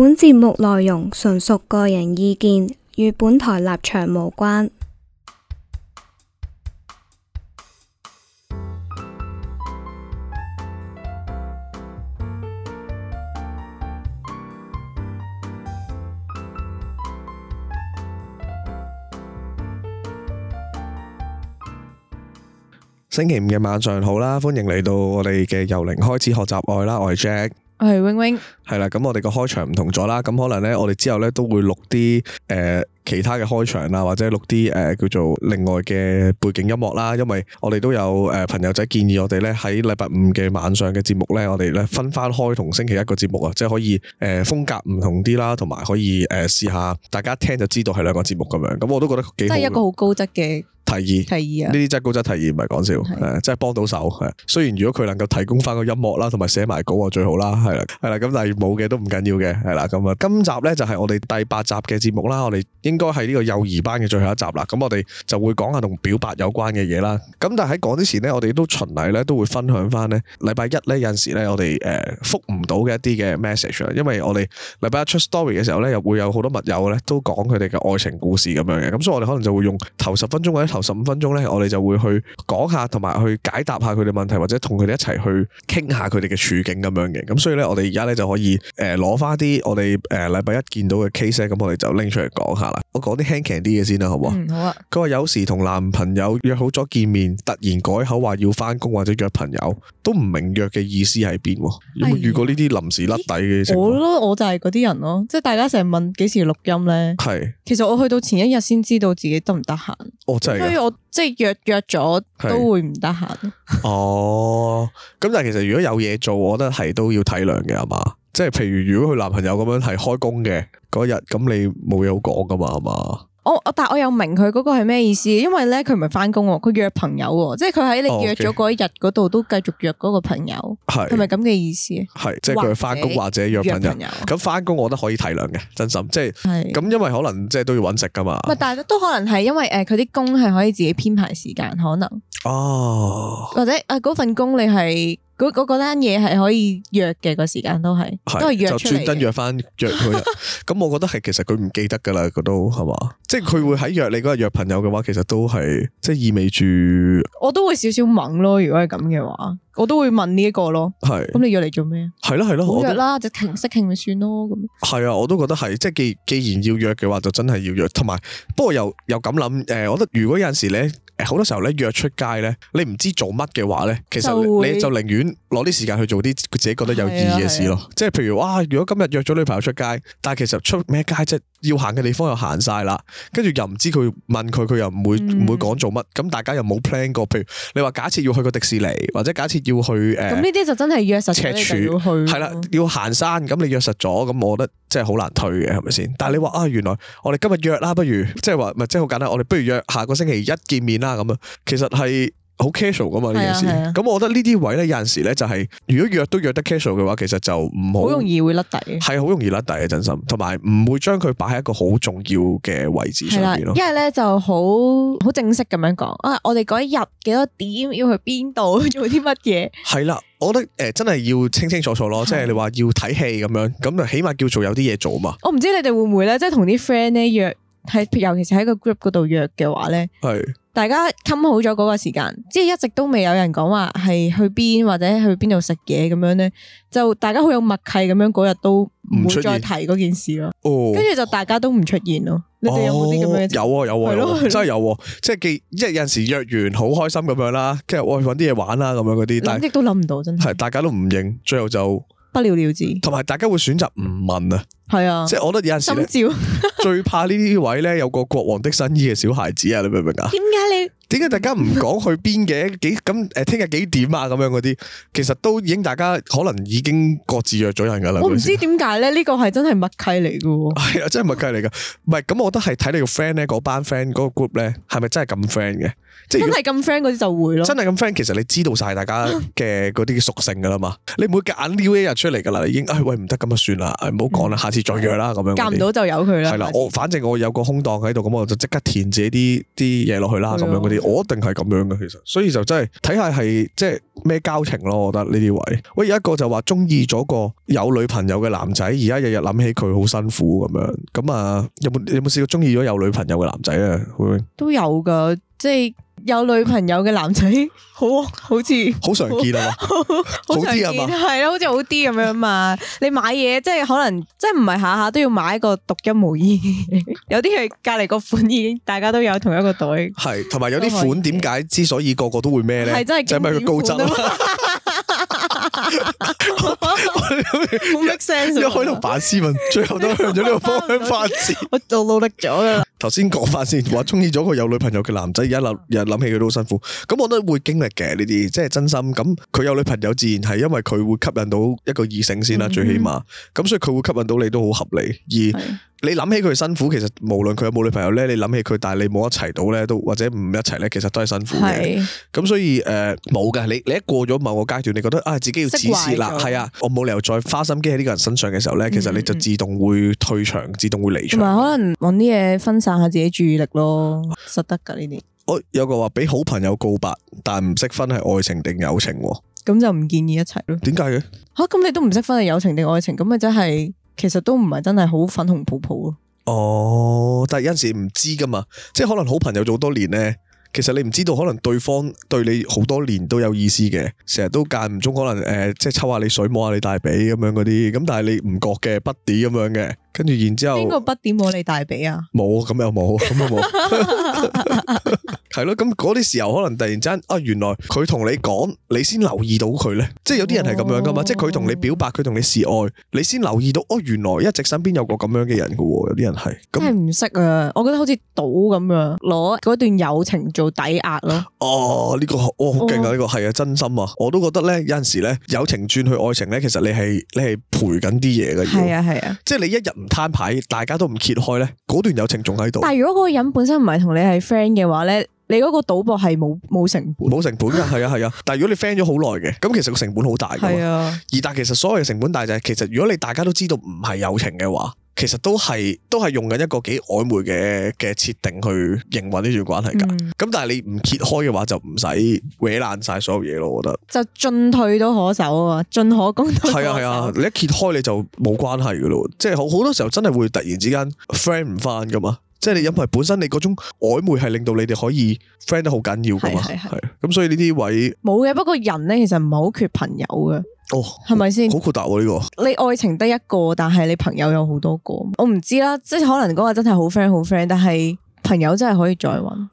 本節目內容純屬個人意見，與本台立場無關。星期五嘅晚上好啦，歡迎嚟到我哋嘅由零開始學習愛啦，我係 Jack，我係 Wing Wing。係啦，咁我哋個開場唔同咗啦，咁可能咧，我哋之後咧都會錄啲誒其他嘅開場啊，或者錄啲誒叫做另外嘅背景音樂啦。因為我哋都有誒朋友仔建議我哋咧喺禮拜五嘅晚上嘅節目咧，我哋咧分翻開同星期一個節目啊，即係可以誒、呃、風格唔同啲啦，同埋可以誒試、呃、下大家一聽就知道係兩個節目咁樣。咁我都覺得幾，都係一個好高質嘅提議，提議啊！呢啲真係高質提議，唔係講笑，即係、啊、真係幫到手。係、啊、雖然如果佢能夠提供翻個音樂啦，同埋寫埋稿啊，最好啦。係啦，係啦，咁但冇嘅都唔緊要嘅，係啦，咁啊，今集咧就係我哋第八集嘅節目啦，我哋應該係呢個幼兒班嘅最後一集啦，咁我哋就會講下同表白有關嘅嘢啦。咁但係講之前咧，我哋都循例咧都會分享翻咧，禮拜一咧有陣時咧我哋誒覆唔到嘅一啲嘅 message 啦，因為我哋禮拜一出 story 嘅時候咧，又會有好多密友咧都講佢哋嘅愛情故事咁樣嘅，咁所以我哋可能就會用頭十分鐘或者頭十五分鐘咧，我哋就會去講下，同埋去解答下佢哋問題，或者同佢哋一齊去傾下佢哋嘅處境咁樣嘅。咁所以咧，我哋而家咧就可以。誒，攞翻啲我哋誒禮拜一見到嘅 case，咁我哋就拎出嚟講下啦。我講啲輕強啲嘅先啦，啊，好唔好？嗯、好啊。佢話有時同男朋友約好咗見面，突然改口話要翻工或者約朋友，都唔明約嘅意思喺邊。有冇遇過呢啲臨時甩底嘅情況？哎？我咯，我就係嗰啲人咯，即係大家成日問幾時錄音咧。係是。其實我去到前一日先知道自己得唔得閒。哦，真係。所以我即係約約咗是都會唔得閒。哦，咁但係其實如果有嘢做，我覺得係都要體諒嘅，係嘛？即係譬如，如果佢男朋友咁樣係開工嘅嗰日，咁你冇嘢好講噶嘛，係嘛？我我，但我又明佢嗰個係咩意思，因為咧佢唔係翻工喎，佢約朋友喎，即係佢喺你約咗嗰一日嗰度都繼續約嗰個朋友，係係咪咁嘅意思？係即係佢翻工或者約朋友。咁翻工我都可以體諒嘅，真心即係。係咁的，因為可能即係都要揾食噶嘛。唔係，但係都可能係因為誒，佢啲工係可以自己編排時間，可能哦，或者啊，嗰份工你係。嗰單嘢係可以約嘅，個時間都係，是都係約出嚟，就專登約返約佢。咁 我覺得係其實佢唔記得㗎喇，佢都係嘛， 即係佢會喺約你嗰日約朋友嘅話，其實都係即係意味住，我都會少少猛咯。如果係咁嘅話，我都會問呢一個咯。係是，咁你約嚟做咩啊？係咯係咯，好約啦，都就傾識傾咪算咯。咁係啊，我都覺得係，即係既既然要約嘅話，就真係要約。同埋不過又又咁諗，誒、呃，我覺得如果有陣時咧。好多時候咧約出街咧，你唔知做乜嘅話咧，其實你就寧願攞啲時間去做啲自己覺得有意義嘅事咯。即係譬如哇、啊，如果今日約咗女朋友出街，但係其實出咩街啫？要行嘅地方又行晒啦，跟住又唔知佢問佢，佢又唔會唔、嗯、會講做乜？咁大家又冇 plan 過。譬如你話假設要去個迪士尼，或者假設要去誒，咁呢啲就真係約實，赤柱係啦，要行山。咁你約實咗，咁我覺得真係好難退嘅，係咪先？但係你話啊，原來我哋今日約啦，不如即係話唔即係好簡單，我哋不如約下個星期一見面啦。啊咁啊，其實係好 casual 噶嘛，呢件事，咁我覺得呢啲位咧有陣時咧就係如果約都約得 casual 嘅話，其實就唔好，好容易會甩底、底，係好容易甩底嘅真心，同埋唔會將佢擺喺一個好重要嘅位置上邊咯、嗯。因為咧就好好正式咁樣講啊，我哋嗰一日幾多點要去邊度做啲乜嘢？係啦，我覺得誒、呃、真係要清清楚楚咯，即係你話要睇戲咁樣，咁就起碼叫做有啲嘢做嘛。嗯、我唔知你哋會唔會咧，即係同啲 friend 咧約。係，尤其是喺個 group 嗰度約嘅話咧，係是大家冚好咗嗰個時間，即係一直都未有人講話係去邊或者去邊度食嘢咁樣咧，就大家好有默契咁樣，嗰日都唔會再提嗰件事咯。哦，跟住就大家都唔出現咯。哦、你哋有冇啲咁樣？有啊有啊，真係有、啊，即係記一有陣、啊、時約完好開心咁樣啦，跟住我去搵啲嘢玩啦咁樣嗰啲，但係亦都諗唔到，到真係，係大家都唔認，最後就。不了了之，同埋大家會選擇唔問啊，係啊，即係我覺得有陣時咧，心照笑最怕呢啲位咧有個國王的新衣嘅小孩子啊，你明唔明啊？點解你？點解大家唔講去邊嘅？幾咁誒？聽日、呃、幾點啊？咁樣嗰啲，其實都已經大家可能已經各自約咗人噶啦。我唔知點解咧？呢個係真係默契嚟噶？係啊，真係默契嚟噶。唔係咁，我覺得係睇你個 friend 咧，嗰班 friend 嗰個 group 咧，係咪真係咁 friend 嘅？即真係咁 friend 嗰啲就會咯，真係咁 friend，其實你知道晒大家嘅嗰啲嘅屬性噶啦嘛， 你唔會揀撩一日出嚟噶啦，已經，哎、喂，唔得咁啊，就算啦，唔好講啦，下次再約啦，咁、嗯、樣。夾唔到就由佢啦。係啦了，次我反正我有個空檔喺度，咁我就即刻填自己啲啲嘢落去啦，咁樣嗰啲，了我一定係咁樣嘅。其實。所以就真係睇下係即係咩交情咯，我覺得呢啲位。喂，有一個就話中意咗個有女朋友嘅男仔，而家日日諗起佢好辛苦咁樣。咁啊，有冇有冇試過中意咗有女朋友嘅男仔啊？會都有噶，即係。有女朋友嘅男仔，好好似好常見啊，嘛好， 好啲啊嘛，係咯吧，好似好啲咁樣嘛。你買嘢即係可能，即係唔係下下都要買一個獨一無二， 有啲係隔籬個款已經大家都有同一個袋，係同埋有啲款點解之所以個個都會咩咧？係真係就係佢高質 冇 make sense，一開頭扮斯文，最後都向咗呢個方向發展。 我努力咗㗎啦。頭先講翻先，話中意咗個有女朋友嘅男仔，而家諗又諗起佢都好辛苦。咁我覺得會經歷嘅呢啲，即係真心。咁佢有女朋友，自然係因為佢會吸引到一個異性先啦，最起碼。咁、嗯嗯、所以佢會吸引到你都好合理。而你諗起佢辛苦，其實無論佢有冇女朋友咧，你諗起佢，但係你冇一齊到咧，都或者唔一齊咧，其實都係辛苦嘅。咁是所以誒，冇、呃、噶，你你一過咗某個階段，你覺得啊，自己要自私啦，係啊，我冇理由再花心機喺呢個人身上嘅時候咧，其實你就自動會退場，嗯嗯，自動會離場，同埋可能搵啲嘢，分散下自己注意力咯，實得噶呢啲。我有個話俾好朋友告白，但唔識分係愛情定友情，咁就唔建議一齊咯。點解嘅？吓、啊，咁你都唔識分係友情定愛情，咁咪真係？其實都唔係真係好粉紅泡泡咯。哦，但有陣時唔知噶嘛，即係可能好朋友做好多年咧，其實你唔知道可能對方對你好多年都有意思嘅，成日都間唔中可能誒、呃，即係抽下你水，摸下你大髀咁樣嗰啲，咁但係你唔覺嘅不啲咁樣嘅。跟住然之後，邊個筆點攞你大髀啊？冇，咁又冇，咁又冇，係咯？咁嗰啲時候可能突然間啊，原來佢同你講，你先留意到佢咧。即係有啲人係咁樣噶嘛？即係佢同你表白，佢同你示愛，你先留意到哦。原來一直身邊有個咁樣嘅人噶喎。有啲人係真係唔識啊！我覺得好似賭咁樣，攞嗰段友情做抵押咯。哦，呢個哦好勁啊！呢個係啊，真心啊！我都覺得咧，有陣時咧，友情轉去愛情咧，其實你係你係賠緊啲嘢嘅。係啊係啊，即係你一日。攤牌，大家都唔揭開咧，嗰段友情仲喺度。但係如果嗰個人本身唔係同你係 friend 嘅話咧，你嗰個賭博係冇冇成本？冇成本噶，係啊係啊。啊但係如果你 friend 咗好耐嘅，咁其實個成本好大嘅。係啊。而但其實所謂嘅成本大就係，其實如果你大家都知道唔係友情嘅話。其實都係都係用緊一個幾曖昧嘅嘅設定去營運呢段關係噶咁、嗯、但係你唔揭開嘅話就唔使搲爛晒所有嘢咯，我覺得就進退都可守，可都可守啊嘛，進可攻，係啊係啊，你一揭開你就冇關係噶咯， 即係好多時候真係會突然之間 friend 唔返噶嘛，即係你因為本身你嗰種曖昧係令到你哋可以 friend 得好緊要噶嘛，係咁是所以呢啲位冇嘅，不過人咧其實唔係好缺朋友嘅。哦，係咪先？好豁達喎呢個。你愛情得一個，但係你朋友有好多個。我唔知啦，即係可能嗰個真係好 friend 好 friend，但係。朋友真係可以再揾，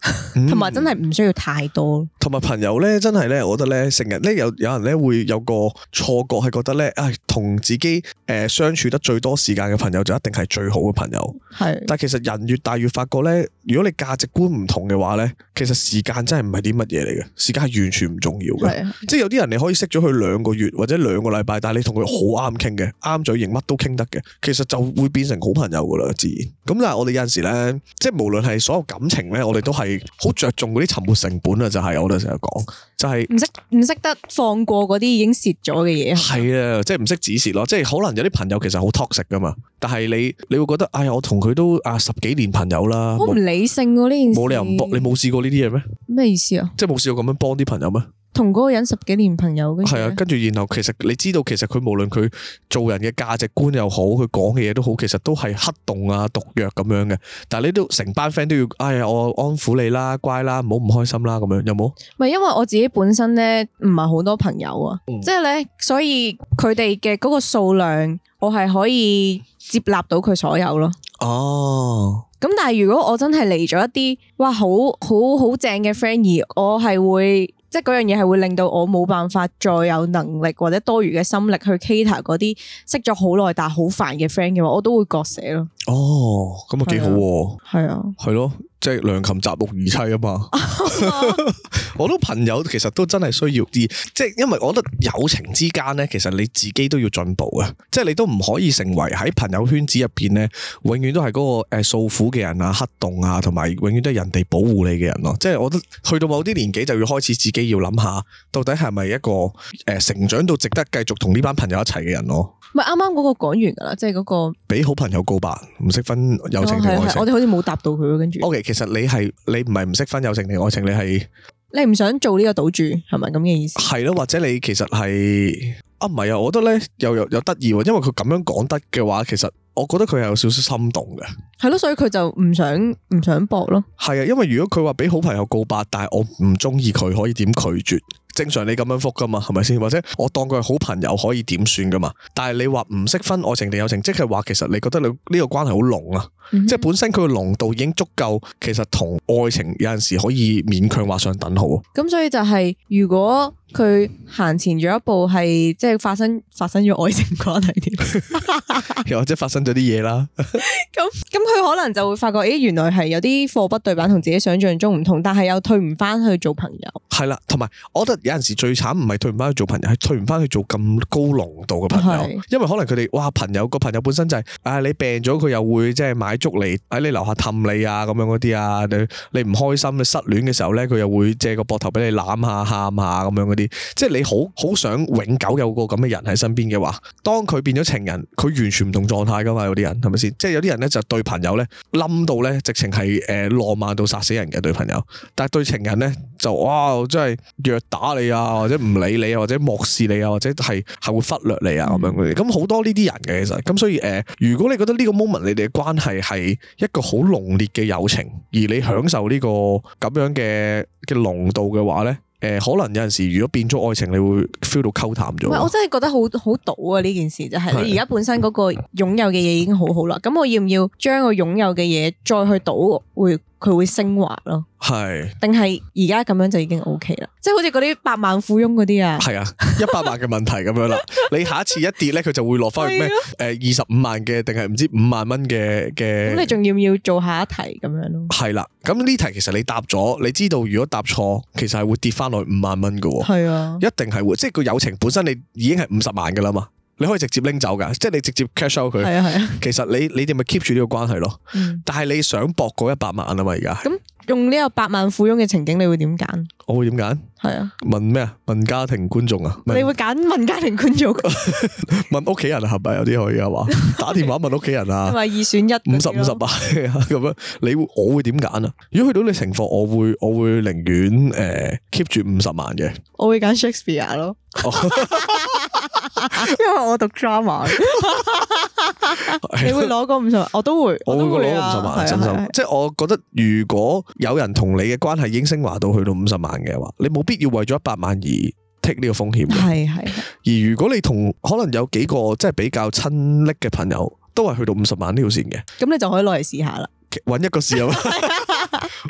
同埋、嗯、真係唔需要太多、嗯。同埋朋友呢，真係呢，我覺得呢，成日呢，有有人呢會有個錯覺，係覺得呢，唉、哎，同自己誒、呃、相處得最多時間嘅朋友就一定係最好嘅朋友。是的 但其實人越大越發覺呢，如果你價值觀唔同嘅話呢，其實時間真係唔係啲乜嘢嚟嘅，時間係完全唔重要嘅。是的 即係有啲人你可以識咗佢兩個月或者兩個禮拜，但係你同佢好啱傾嘅，啱嘴型，乜都傾得嘅，其實就會變成好朋友噶啦，自然。咁但係我哋有陣時呢，即係無論係。所有感情咧，我哋都係好着重嗰啲沉沒成本啊！就係、是、我哋成日講，就係唔識唔識得放過嗰啲已經蝕咗嘅嘢。係啊，即係唔識止蝕咯。即係可能有啲朋友其實好 toxic 㗎嘛，但係你你會覺得，哎呀，我同佢都啊十幾年朋友啦，好唔理性喎呢件事。冇理由唔幫，你冇試過呢啲嘢咩？咩意思啊？即係冇試過咁樣幫啲朋友咩？同嗰個人十幾年朋友，係啊，跟住然後其實你知道，其實佢無論佢做人嘅價值觀又好，佢講嘅嘢都好，其實都係黑洞啊、毒藥咁樣嘅。但係你都成班 friend 都要，哎呀，我安撫你啦，乖啦，唔好唔開心啦，咁樣有冇？唔係，因為我自己本身咧唔係好多朋友啊，嗯、即係咧，所以佢哋嘅嗰個數量，我係可以接納到佢所有咯。哦，咁但係如果我真係嚟咗一啲，哇，好好好，好，好，好，好正嘅 friend，而我係會。即係嗰樣嘢係會令到我冇辦法再有能力或者多餘嘅心力去 cater 嗰啲識咗好耐但係好煩嘅 friend 嘅話，我都會割捨咯。哦，咁啊，幾好喎！係啊，係咯，即係良禽擇木而棲啊嘛。 我都朋友其實都真係需要啲，即係因為我覺得友情之間咧，其實你自己都要進步嘅，即係你都唔可以成為喺朋友圈子入邊咧，永遠都係嗰個誒訴苦嘅人啊、黑洞啊，同埋永遠都係人哋保護你嘅人咯。即係我覺得去到某啲年紀就要開始自己要諗下，到底係咪一個誒成長到值得繼續同呢班朋友一齊嘅人咯。咪啱啱嗰個講完噶啦，即係嗰個俾好朋友告白，唔識分友情定愛情。哦、我哋好似冇答到佢咯，跟住。Okay，其實你係你唔係唔識分友情定愛情，你係你唔想做呢個賭注，係咪咁嘅意思？係咯，或者你其實係啊，唔係啊，我覺得咧又又又得意，因為佢咁樣講得嘅話，其實我覺得佢係有少少心動嘅。係咯，所以佢就唔想唔想搏咯。係啊，因為如果佢話俾好朋友告白，但係我唔中意佢，可以點拒絕？正常你咁樣覆㗎嘛，係咪先？或者我當佢係好朋友可以點算㗎嘛？但係你話唔識分愛情定友情，即係話其實你覺得你呢個關係好濃啊。即係本身佢個濃度已經足夠，其實同愛情有陣時可以勉強畫上等號。咁所以就係如果佢行前咗一步，係即係發生發生咗愛情關係點？又或者發生咗啲嘢啦。咁咁佢可能就會發覺，咦，原來係有啲貨不對版同自己想象中唔同，但係又退唔翻去做朋友。係啦，同埋我覺得有陣時最慘唔係退唔翻去做朋友，係退唔翻去做咁高濃度嘅朋友，因為可能佢哋哇朋友個朋友本身就係啊你病咗，佢又會即係買。捉你，喺你樓下氹你啊，咁樣嗰啲啊，你你唔開心，你失戀嘅時候咧，佢又會借個膊頭俾你攬下、喊下，咁樣嗰啲。即係你好好想永久有個咁嘅人喺身邊嘅話，當佢變咗情人，佢完全唔同狀態噶嘛。有啲人係咪先？即係有啲人咧就對朋友咧冧到咧，直情係誒浪漫到殺死人嘅對朋友，但係對情人咧就哇，真係虐打你啊，或者唔理你，啊，或者漠視你啊，或者係係、啊、會忽略你啊咁樣嗰啲。咁好多呢啲人嘅其實。咁所以誒，如果你覺得呢個 moment 你哋嘅關係，係一個好濃烈嘅友情，而你享受呢、這個咁樣嘅嘅濃度嘅話呢誒、呃，可能有陣時如果變咗愛情，你會 feel 到溝淡咗。唔係，我真係覺得好好賭啊！呢件事就係你而家本身嗰個擁有嘅嘢已經好好啦，咁我要唔要將我擁有嘅嘢再去賭？會？佢會升華咯，係定係而家咁樣就已經 OK 啦，即係好似嗰啲百萬富翁嗰啲啊，係啊，一百萬嘅問題咁樣啦。 你下一次一跌咧，佢就會落翻去咩？誒、啊，二十五萬嘅，定係唔知五萬蚊嘅嘅。咁你仲要唔要做下一題咁樣咯？係啦、啊，咁呢題其實你答咗，你知道如果答錯，其實係會跌翻落五萬蚊㗎喎。是啊，一定係會，即係個友情本身你已經係五十萬㗎啦嘛。你可以直接拎走噶，即係你直接 cash out 佢。係啊係啊，其實你你哋咪 keep 住呢個關係咯。嗯、但係你想博嗰一百萬啊嘛、嗯，而家咁用呢個百萬富翁嘅情景，你會點揀？我會點揀？係是啊？問咩啊？問家庭觀眾啊？你會揀問家庭觀眾？ 問屋企人啊，係咪有啲可以係嘛？ 打電話問屋企人啊？係咪 二選一？五十五十萬咁樣，你我會點揀啊？如果去到你情況，我會我會寧願誒 keep 住五十萬嘅。我會揀 Shakespeare 咯。 因為我讀 drama 你會攞個五十萬，我都會， 我會攞五十萬，真心，即係我覺得如果有人同你嘅關係已經升華到去到五十萬嘅話，你冇必要為咗一百萬而 take 呢個風險，係係。而如果你同可能有幾個即係比較親昵嘅朋友，都係去到五十萬呢條線嘅，咁你就可以攞嚟試下啦，搵一個試啊。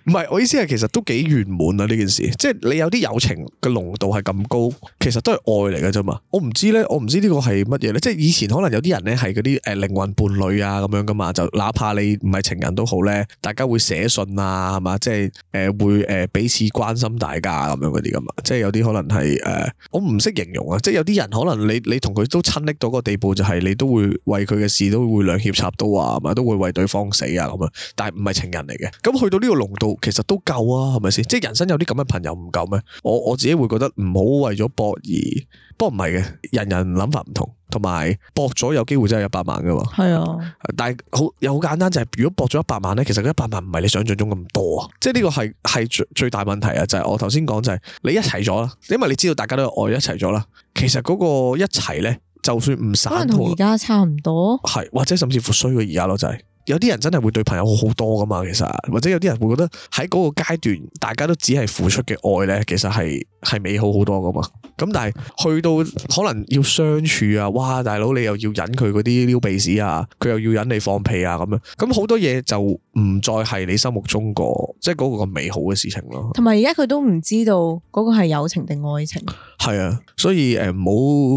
唔係，我意思係其實都幾圓滿啊！呢件事，即係你有啲友情嘅濃度係咁高，其實都係愛嚟嘅啫嘛。我唔知咧，我唔知呢個係乜嘢咧。即係以前可能有啲人咧係嗰啲誒靈魂伴侶啊咁樣噶嘛，就哪怕你唔係情人都好咧，大家會寫信啊，係嘛，即係誒、呃、會誒、呃、彼此關心大家咁樣嗰啲噶嘛。即係有啲可能係誒、呃，我唔識形容啊。即係有啲人可能你你同佢都親昵到個地步，就係你都會為佢嘅事都會兩脅插刀啊，係嘛，都會為對方死啊咁樣，但係唔係情人嚟嘅。咁去到呢、這個。濃度其實都夠啊，係咪先？即係人生有啲咁嘅朋友唔夠咩？我我自己會覺得唔好為咗博而，不過唔係嘅，人人諗法唔同，同埋博咗有機會真係一百萬㗎喎。係啊，但係好又好簡單就係，如果博咗一百萬咧，其實嗰一百萬唔係你想象中咁多啊。即係呢個係係最最大問題啊！就係我頭先講就係你一齊咗啦，因為你知道大家都有愛一齊咗啦。其實嗰個一齊咧，就算唔散，同而家差唔多，係或者甚至乎衰過而家咯，就係。有啲人真係會對朋友好好多噶嘛，其實或者有啲人會覺得喺嗰個階段，大家都只係付出嘅愛咧，其實係係美好好多噶嘛。咁但係去到可能要相處啊，哇大佬你又要忍佢嗰啲撩鼻屎啊，佢又要忍你放屁啊咁樣，咁好多嘢就唔再係你心目中、就是、個即係嗰個咁美好嘅事情咯。同埋而家佢都唔知道嗰個係友情定愛情。係啊，所以誒唔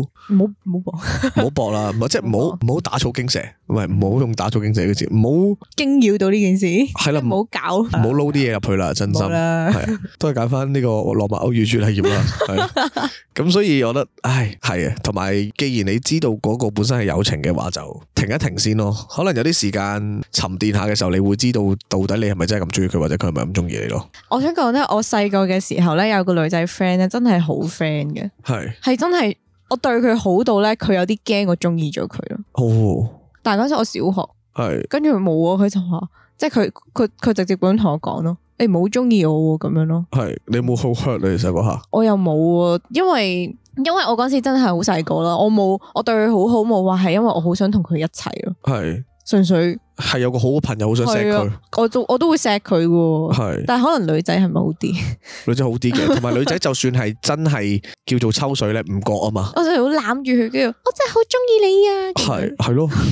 好。呃唔好搏，唔好搏，唔好搏啦，唔係即係唔好唔好打草驚蛇，唔係唔好用打草驚蛇嘅字，唔好驚擾到呢件事，係啦了，唔好搞，唔好撈啲嘢入去啦，啊、真心係啊，都係揀翻呢個羅密歐語主係要啦，係咁 所以我覺得，唉，係啊，同埋既然你知道嗰個本身係友情嘅話，就停一停先咯，可能有啲時間沉澱下嘅時候，你會知道到底你係咪真係咁中意佢，或者佢係咪咁中意你咯。我想講咧，我細個嘅時候咧，有個女仔 friend 咧，真係好 friend 嘅，係係真係。我對佢好到咧，佢有啲驚我中意咗佢咯。哦！但係嗰陣我小學，係跟住冇啊，佢就話，即係佢佢佢直接咁樣同我講咯，欸啊，你唔好中意我咁樣咯。係你冇好 hurt 你細個下？我又冇，啊，因為因為我嗰陣真係好細個啦，我冇我對佢好好冇話係因為我好想同佢一齊咯，係純是粹。係有個好嘅朋友，好想錫佢，我都我都會錫佢，係是，但係可能女仔係咪好啲，女仔好啲嘅，同埋女仔就算係真係叫做抽水咧，唔覺啊嘛， 我就好攬住佢，跟住我真係好中意你啊，係係咯，好、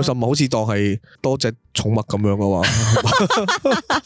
啊、開心，好似當係多隻寵物咁樣噶嘛，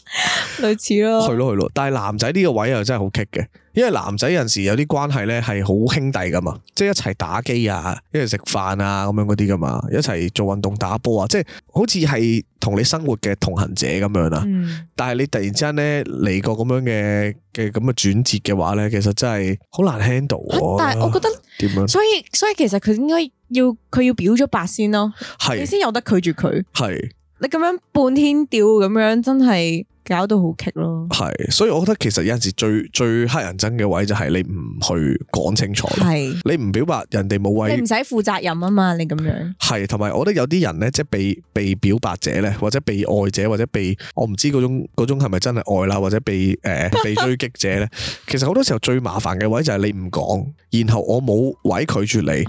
類似咯，係咯係咯，但係男仔呢個位又真係好棘嘅，因為男仔有時有啲關係咧係好兄弟噶嘛，即係一齊打機啊，一齊食飯啊咁樣嗰啲噶嘛，一齊做運動打波啊，即係好似。係同你生活嘅同行者咁樣啦，嗯、但係你突然之間咧嚟個咁樣嘅嘅咁嘅轉折嘅話咧，其實真係好難 handle 啊！但係我覺得點樣啊？所以所以其實佢應該要佢要表咗白先咯，係你先有得拒絕佢。係你咁樣半天吊咁樣，真係。搞到好棘咯，係，所以我覺得其實有陣時最最乞人憎嘅位就係你唔去講清楚係，你唔表白，人哋冇位，你唔使負責任啊嘛，你咁樣，係，同埋我覺得有啲人咧，即、就、係、是、被被表白者咧，或者被愛者，或者被我唔知嗰種嗰種係咪真係愛啦，或者被誒、呃、被追擊者咧，其實好多時候最麻煩嘅位就係你唔講，然後我冇位拒絕你，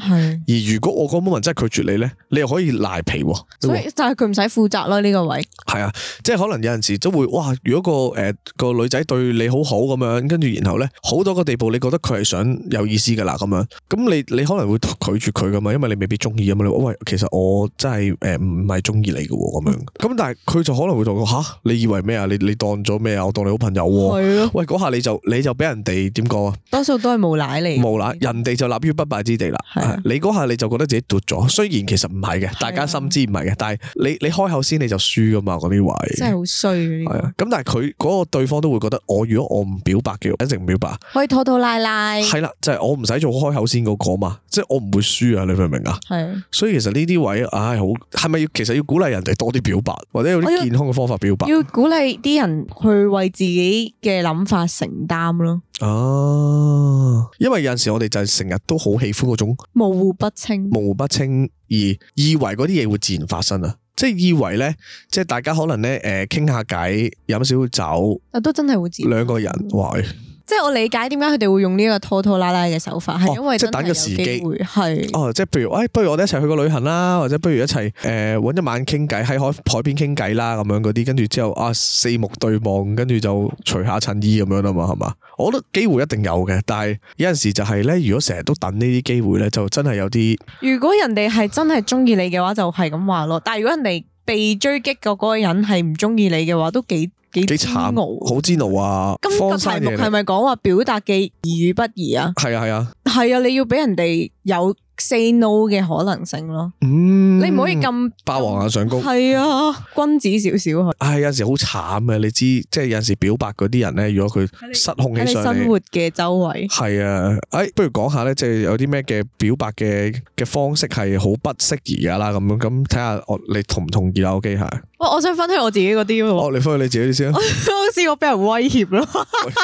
而如果我嗰 moment 真係拒絕你咧，你又可以賴皮喎，所以就係佢唔使負責咯呢、這個位，係、yeah. 啊，即係可能有陣時都會哇。如果個誒、呃、個女仔對你好好咁樣，跟住然後咧好多個地步，你覺得佢係想有意思嘅啦咁樣，咁你你可能會拒絕佢噶嘛，因為你未必中意啊嘛。你喂，其實我真係誒唔係中意你嘅咁樣，咁但係佢就可能會同我話吓，你以為咩啊？你你當咗咩啊？我當你好朋友喎、哦。的喂，嗰下你就你就俾人哋點講啊？多數都係無賴嚟。無賴，人哋就立於不敗之地啦的、啊。你嗰下你就覺得自己奪咗，雖然其實唔係嘅，大家心知唔係嘅，的但係你你開口先你就輸噶嘛嗰啲位。真係好衰。咁但係佢嗰個對方都會覺得我如果我唔表白嘅，一直唔表白，表白可以拖拖拉拉，係啦，就係、是、我唔使做開口先嗰、嗰個嘛，即、就、係、是、我唔會輸啊，你明唔明啊？係的，所以其實呢啲位，唉、哎，好係咪要？是是其實要鼓勵人哋多啲表白，或者有啲健康嘅方法表白，要，要鼓勵啲人去為自己嘅諗法承擔咯。哦、啊，因為有陣時我哋就係成日都好喜歡嗰種模糊不清、模糊不清而以為嗰啲嘢會自然發生啊。即係以為咧，即係大家可能咧，誒，傾下偈，飲少少酒，啊，都真係會知兩個人，嗯、哇！ 即係我理解點解佢哋會用呢個拖拖拉拉嘅手法，係、哦、因為真係有機會，即等個時機，係。哦，即係譬如，誒、哎，不如我哋一齊去個旅行啦，或者不如一齊誒搵一晚傾偈喺海海邊傾偈啦，咁樣嗰啲，跟住之後啊四目對望，跟住就除下襯衣咁樣啊嘛，係嘛？我覺得機會一定有嘅，但係有陣時就係咧，如果成日都等呢啲機會咧，就真係有啲。如果人哋係真係中意你嘅話，就係咁話咯。但係如果人哋被追擊嘅嗰個人係唔中意你嘅話，都幾。幾慘，好煎熬啊！咁個題目係咪講話表達嘅宜與不宜啊？係啊，係啊，係啊，啊！你要俾人哋有 say no 嘅可能性咯。嗯。你唔可以咁霸王硬上弓係啊，君子少少啊！係有時好慘嘅，你知即係有時表白嗰啲人咧，如果佢失控起上嚟，生活嘅周圍係啊！哎，不如講下咧，即係有啲咩嘅表白嘅嘅方式係好不適宜噶啦，咁樣咁睇下我你同唔同意啊？O K 係。我、okay? 哦、我想分享我自己嗰啲我你分享你自己先。 我試過俾人威脅咯。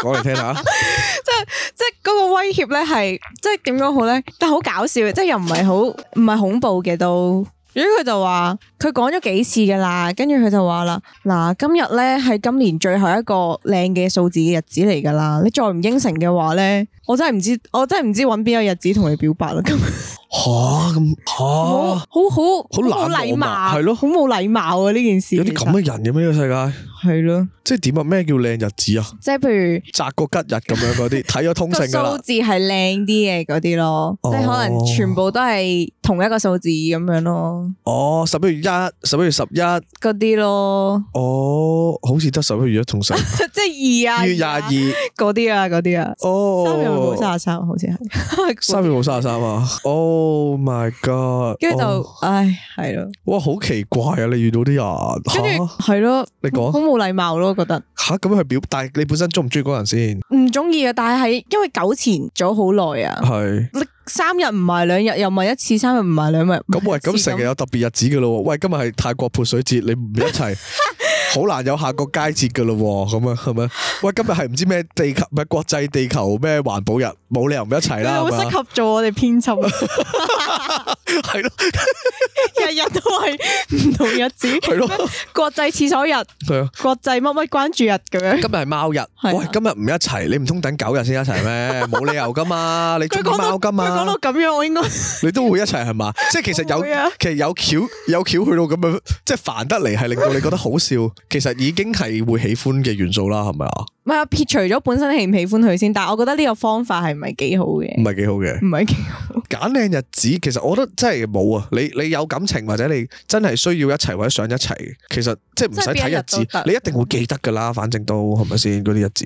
講 嚟聽,聽下。 即係即係嗰個威脅咧，係即係點講好咧？但係好搞笑，即係又唔係好唔係恐怖嘅都。所以佢就話，佢講咗幾次噶啦，跟住佢就話啦，嗱今日咧係今年最後一個靚嘅數字嘅日子嚟噶啦，你再唔應承嘅話咧。我真係唔知，我真係唔知揾邊個日子同你表白啦咁。吓咁吓，好好好，好冇禮貌係咯，好冇禮貌啊！呢件事有啲咁嘅人嘅咩？呢個世界係咯，即係點啊？咩叫靚日子啊？即係譬如擇個吉日咁樣嗰啲，睇咗通勝嘅啦，數字係靚啲嘅嗰啲咯，即係可能全部都係同一個數字咁樣咯。哦，十一月一，十一月十一嗰啲咯。哦，好似得十一月一同十，即係二啊，月廿二嗰啲啊，嗰啲啊。哦。三月三啊，好似係三月冇三十三啊，Oh my god！跟住就唉，係咯，哇，好奇怪啊！你遇到啲人，跟住係咯，你講好冇禮貌咯，覺得吓咁樣去表，但係你本身中唔中意嗰人先？唔中意啊，但係喺因為糾纏咗好耐啊，係你三日唔埋兩日又唔埋一次，三日唔埋兩日，咁喂，咁成日有特別日子噶咯？喂，今日係泰國潑水節，你唔一齊？好難有下個佳節噶咯，咁樣，係咪？喂，今日係唔知咩地球，唔係國際地球咩環保日？冇理由唔一齊啦，係好適合做我哋編輯？係咯，日日都係唔同日子，係咯，國際廁所日，係啊，國際乜乜關注日咁樣。今日係貓日，喂，今日唔一齊，你唔通等九日先一齊咩？冇理由噶嘛，你追個貓噶嘛，你講到咁樣，我應該你都會一齊係嘛？即係其實有，其實有橋有橋去到咁樣，即係煩得嚟係令到你覺得好笑，其實已經係會喜歡嘅元素啦，係咪啊？唔係啊！撇除咗本身喜唔喜歡佢先，但係我覺得呢個方法係唔係幾好嘅。唔係幾好嘅，唔係幾好揀靚日子。其實我覺得真係冇啊！你你有感情或者你真係需要一齊或者想一齊，其實即係唔使睇日子，一你一定會記得噶啦。嗯、反正都係咪先嗰啲日子？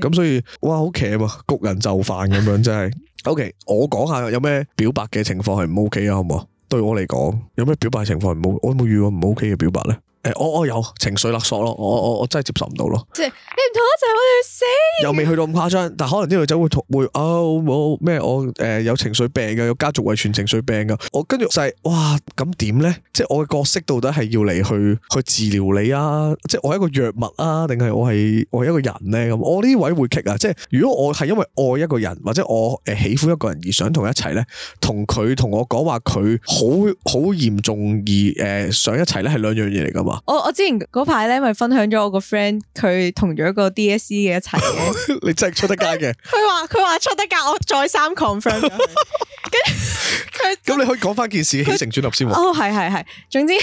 咁是所以哇，好奇啊嘛，谷人就範咁樣真係。 o、okay, K，我講下有咩表白嘅情況係唔 O K 啊？好唔好？對我嚟講，有咩表白情況係冇？我冇遇過唔 O K 嘅表白咧。誒、欸、我我有情緒勒索咯，我我我，我真係接受唔到咯，即係你唔同我一齊去食。又未去到咁誇張，但可能啲女仔會同會啊，冇、哦，咩、哦？我誒、呃、有情緒病嘅，有家族遺傳情緒病嘅。我跟住就係哇，咁點咧？即係我嘅角色到底係要嚟去去治療你啊？即係我係一個藥物啊，定係我係我係一個人咧？咁我呢位會劇啊？即係如果我係因為愛一個人或者我誒、呃、喜歡一個人而想同一齊咧，同佢同我講話，佢好好嚴重而誒、呃、想一齊咧，係兩樣嘢嚟㗎嘛？我我之前嗰排咧，咪分享咗我個 friend 佢同咗一個 D.S.C 嘅一齊。 你真係出得街嘅。佢話佢話出得街，我再三 confirm。跟 咁 的、 嗯，你可以講翻件事，起承轉合先哦，係係係，總之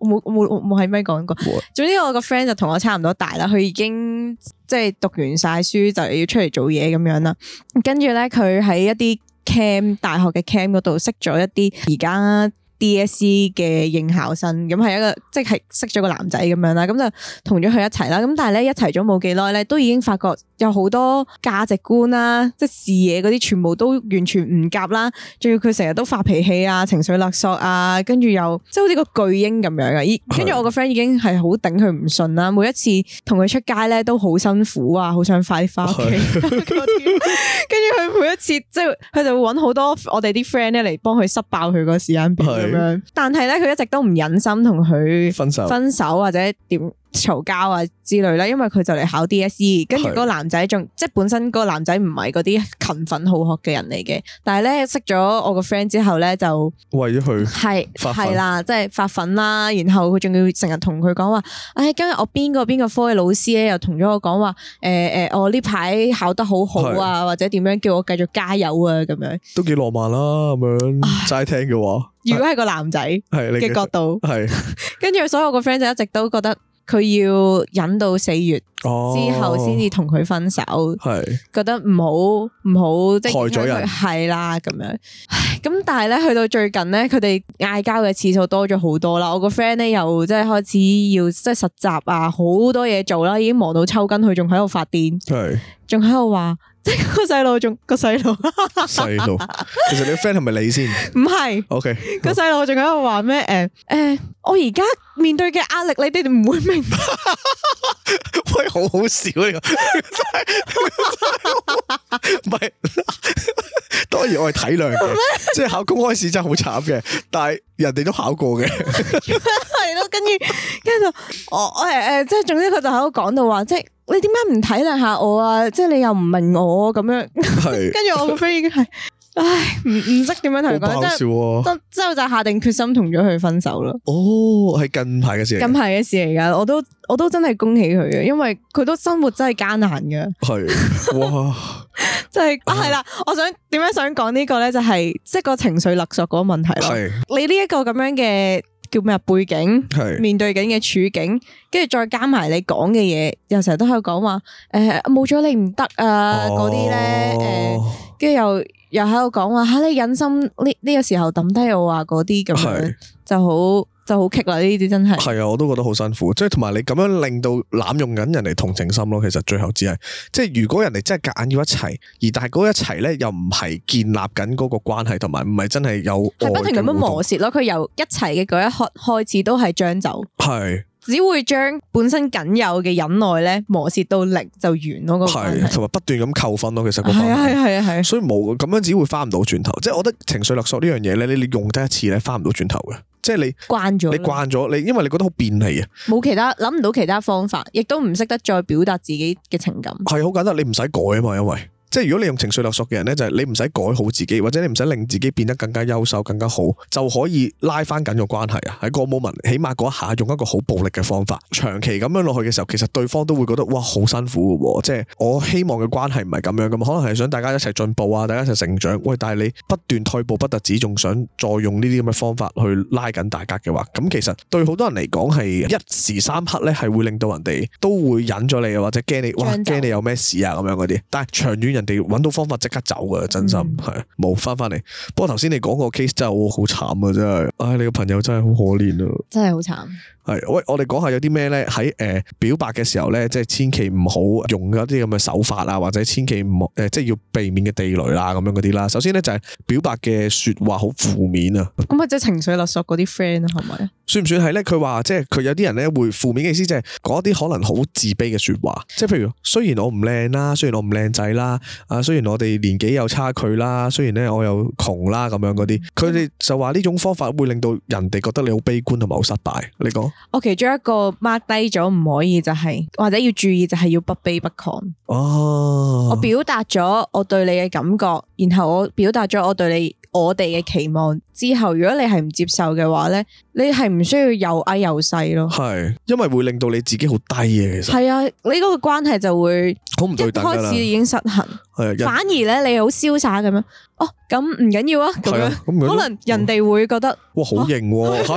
冇冇冇喺咩講過。哦、總之我個 friend 就同我差唔多大啦，佢已經即係、就是、讀完晒書，就要出嚟做嘢咁樣啦。跟住咧，佢喺一啲 Cam 大學嘅 Cam 嗰度識咗一啲而家 DSE 嘅應考生，咁係一個,、就是、一個即係識咗個男仔咁樣啦。咁就同咗佢一齊啦。咁但係咧，一齊咗冇幾耐咧，都已經發覺。有好多價值觀啦，即係視野嗰啲，全部都完全唔夾啦。仲要佢成日都發脾氣啊，情緒勒索啊，跟住又即係好似個巨嬰咁樣啊。咦，跟住我個 friend 已經係好頂佢唔順啦。每一次同佢出街咧都好辛苦啊，好想快返屋企。跟住佢每一次即係佢就會揾好多我哋啲 friend 咧嚟幫佢塞爆佢個時間表咁是的 樣。但係咧佢一直都唔忍心同佢分手，分手或者點？嘈交啊之類啦，因為佢就嚟考 DSE 跟住嗰個男仔仲是的 即係本身嗰個男仔唔係嗰啲勤奮好學嘅人嚟嘅，但係咧識咗我個 friend 之後咧就為咗佢係係啦，即係、就是、發奮啦，然後佢仲要成日同佢講話，誒、哎、今日我邊個邊個科嘅老師咧又同咗我講話，誒、呃、誒、呃、我呢排考得好好啊，或者點樣叫我繼續加油啊，咁樣都幾浪漫啦、啊、咁樣齋唉聽嘅話，如果係個男仔你嘅角度係，跟住 所以我個 friend 就一直都覺得。佢要忍到四月之後先至同佢分手，哦、覺得唔好唔好即係害咗人，係啦咁樣。唉，咁但係咧去到最近咧，佢哋嗌交嘅次數多咗好多啦。我個 friend 咧又即係開始要即係實習啊，好多嘢做啦，已經忙到抽筋，佢仲喺度發癲，仲喺度話。個細路仲個細路，細路，其實你個 friend 係咪你先？唔係是，OK 個。個細路仲喺度話咩？誒誒，我而家面對嘅壓力，你哋唔會明白。 喂，好好笑呢、啊、個，唔係。當然我係體諒嘅， 即係考公開試真係好慘嘅，但係人哋都考過嘅。係 咯， 跟住跟住，我、呃、就我誒誒，即係總之佢就喺度講到話，即係。你點解唔體諒下我啊？即係你又唔明我咁樣，跟住是 我個 friend 已經係，唉，唔唔識點樣同佢講，之後就就，就下定決心同咗佢分手啦。哦，係近排嘅事，嚟。近排嘅事嚟噶，我都我都真係恭喜佢嘅，因為佢都生活真係艱難噶。係，哇，即係啊，係啦，我想點樣想講呢個咧，就係即係個情緒勒，勒索嗰個問題咯。係是，你呢一個咁樣嘅。叫咩背景面對緊嘅處境，跟住再加埋你講嘅嘢，又成日都喺度講話，誒、呃，冇咗你唔得啊！嗰啲咧，誒、呃，跟住又又喺度講話吓，你忍心呢呢個時候抌低我啊？嗰啲咁樣是的 就好。就好棘啦！呢啲 真係係啊，我都覺得好辛苦。即係同埋你咁樣令到濫用緊人哋同情心咯。其實最後只係即係如果人哋真係夾硬要一齊，而但係嗰一齊咧又唔係建立緊嗰個關係，同埋唔係真係有係不停咁樣磨蝕咯。佢由一齊嘅嗰一刻開始都係將就。係。只會將本身僅有嘅忍耐咧磨蝕到零就完咯，個係同埋不斷咁扣分咯，其實個係啊係啊，所以冇咁樣只會翻唔到轉頭，即係我覺得情緒勒索呢樣嘢咧，你你用得一次咧翻唔到轉頭嘅，即係你慣咗，你慣咗你，因為你覺得好便利。啊，冇其他諗唔到其他方法，亦都唔識得再表達自己嘅情感，係好簡單，你唔使改啊嘛，因為。即係如果你用情緒勒索嘅人呢，就係、是、你唔使改好自己，或者你唔使令自己變得更加優秀、更加好，就可以拉翻緊個關係啊！喺個 moment 起碼嗰一下，用一個好暴力嘅方法，長期咁樣落去嘅時候，其實對方都會覺得哇好辛苦嘅喎、哦！即係我希望嘅關係唔係咁樣噶嘛，可能係想大家一齊進步啊，大家一齊成長。喂，但係你不斷退步，不特止，仲想再用呢啲咁嘅方法去拉緊大家嘅話，咁其實對好多人嚟講係一時三刻呢，係會令到人哋都會忍咗你，或者驚你，哇驚你有咩事啊咁樣嗰啲。但係長遠人哋揾到方法即刻走噶，嗯、真心係冇翻翻嚟。不過頭先你講個 case 真係好慘啊，真係，唉，你個朋友真係好可憐啊，真係好慘。係喂，我哋講下有啲咩咧？喺誒、呃、表白嘅時候咧，即係千祈唔好用一啲咁嘅手法啊，或者千祈唔好誒，即係要避免嘅地雷啦，咁樣嗰啲啦。首先咧就係、是、表白嘅說話好負面啊。咁啊、嗯， 即係情緒勒索嗰啲 friend 啊，係咪？算唔算係咧？佢話即係佢有啲人咧會負面嘅意思，即係講一啲可能好自卑嘅說話。即係譬如，雖然我唔靚啦，雖然我唔靚仔啦，啊，雖然我哋年紀有差距啦，雖然咧我有窮啦，咁樣嗰啲，佢哋就話呢種方法會令到人哋覺得你好悲觀同埋好失敗。你講？我其中一個 mark 低咗唔可以就係、是，或者要注意就係要不卑不亢。哦，我表達咗我對你嘅感覺，然後我表達咗我對你我哋嘅期望之後，如果你係唔接受嘅話咧，你係唔需要又矮又細咯。係，因為會令到你自己好低嘅。其實係啊，你個關係就會。一開始已經失衡，反而咧你好瀟灑咁樣哦，咁唔緊要啊，咁樣可能人哋會覺得哇好型喎吓，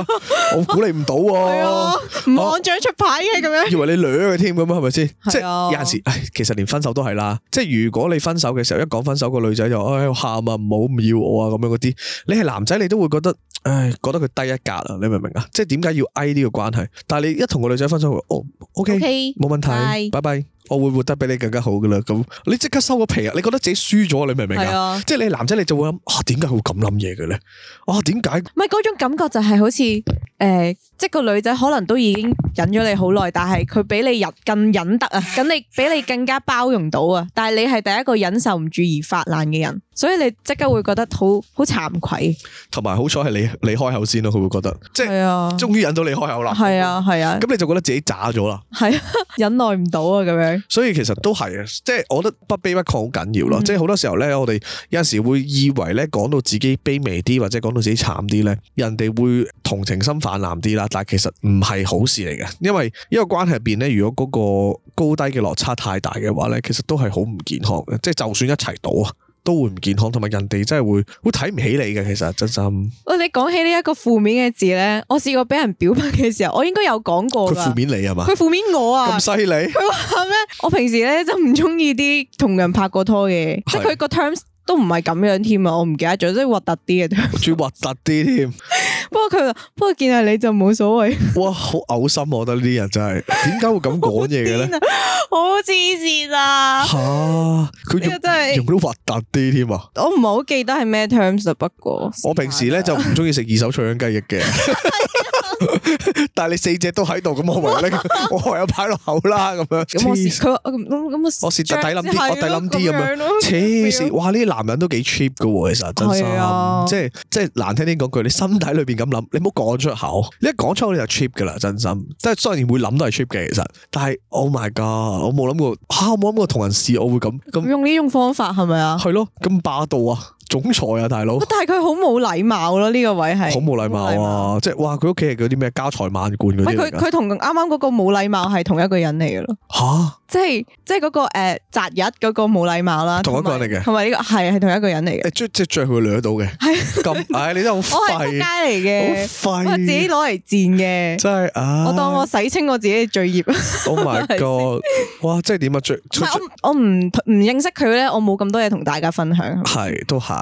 我估你唔到喎，唔按章出牌嘅咁樣，以為你掠嘅添咁啊，係咪先？即係有陣時，唉，其實連分手都係啦。即係如果你分手嘅時候，一講分手個女仔就唉喊啊，唔好唔要我啊咁樣嗰啲，你係男仔你都會覺得唉，覺得佢低一格啊，你明唔明啊？即係點解要矮呢個關係？但係你一同個女仔分手，哦，OK，冇問題，拜拜。我會活得比你更加好噶啦，咁你即刻收個皮啊！你覺得自己輸咗，你明唔明係啊？即係你係男仔，你就會諗啊，點解會咁諗嘢嘅咧？啊，點解？唔係嗰種感覺就係好似誒。呃即係個女仔可能都已經忍咗你好耐，但係佢比你忍更忍得啊！咁你比你更加包容到啊！但係你係第一個忍受唔住而發爛嘅人，所以你即刻會覺得好好慚愧。同埋好彩係你你開口先咯，佢會覺得即係是啊，終於忍到你開口啦！係啊係啊，咁你就覺得自己渣咗啦，係啊，忍耐唔到啊咁、啊、樣。所以其實都係啊，即係我覺得不卑不亢好緊要咯。嗯、即係好多時候咧，我哋有陣時會以為咧，講到自己卑微啲或者講到自己慘啲咧，人哋會同情心泛濫啲啦。但係其實唔係好事嚟嘅，因為呢個關係入邊咧，如果嗰個高低嘅落差太大嘅話咧，其實都係好唔健康嘅。即係就算一齊賭啊，都會唔健康，同埋人哋真係會會睇唔起你嘅。其實真心。喂，你講起呢一個負面嘅字咧，我試過俾人表白嘅時候，我應該有講過。佢負面你吖嘛？佢負面我啊？咁犀利？佢話咩？我平時咧就唔中意啲同人拍過拖嘅，的即係佢個 terms。都唔係咁樣添啊！我唔記得咗，即係核突啲嘅，仲要核突啲添。不過佢，不過見下你就冇所謂。哇，好嘔心，我覺得呢啲人真係，點解會咁講嘢嘅咧？好黐線啊！吓，佢真係用到核突啲添啊！我唔係好記得係咩 terms，不過我平時咧就唔中意食二手彩香雞翼嘅。但係你四隻都喺度，咁我唯有拎，我唯有擺落口啦。咁樣，我試咁我試特抵諗啲，我抵諗啲咁樣。黐線，哇呢男人都幾 cheap 嘅喎，其實真心，係啊、即係即係難聽啲講句，你心底裏邊咁諗，你唔好講出口，你一講出口，你就 cheap 嘅啦，真心，即係雖然會諗都係 cheap 嘅，其實，但係 oh my god，我冇諗過嚇、啊，我冇諗過同人試，我會咁咁用呢種方法係咪啊？係咯，咁霸道啊！總裁啊，大佬！但係佢好冇禮貌咯，呢個位係。好冇禮貌啊！即係哇，佢屋企係嗰啲咩家財萬貫嗰啲。佢佢同啱啱嗰個冇禮貌係同一個人嚟嘅咯。吓！即係即係嗰個誒，擇日嗰個冇禮貌啦。同一個人嚟嘅，同埋呢個係係同一個人嚟嘅。着即係着佢攞到嘅。咁，你都好，我係仆街嚟嘅，我自己攞嚟賤嘅。真係啊！我當我洗清我自己嘅罪孽。Oh my god！哇，即係點啊？我唔唔認識佢咧，我冇咁多嘢同大家分享。係都吓。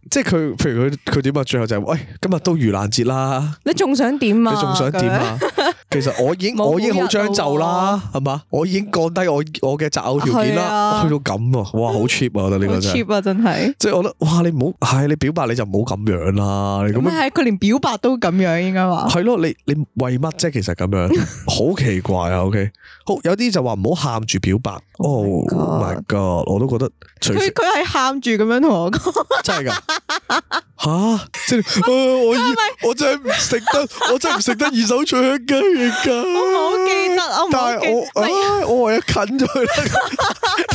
即係佢，譬如佢佢點啊？最後就係喂，今日都愚人節啦。你仲想點啊？你仲想點啊？其實我已經我已經好將就啦，係嘛？我已經降低我我嘅擇偶條件啦，去到咁啊！哇，好 cheap 啊！我覺得呢個真 cheap 啊，真係，即係我覺得哇！你唔好係你表白你就唔好咁樣啦。你咁樣係佢連表白都咁樣，應該話係咯？你你為乜啫？其實咁樣好奇怪啊！OK，好有啲就話唔好喊住表白。Oh my god！我都覺得佢佢係喊住咁樣同我講，真係噶。吓！即係不我，我真係唔食得，我真係唔食得二手菜嘅。而 我唔好記得，我唔好我、哎、 我我我近咗佢啦。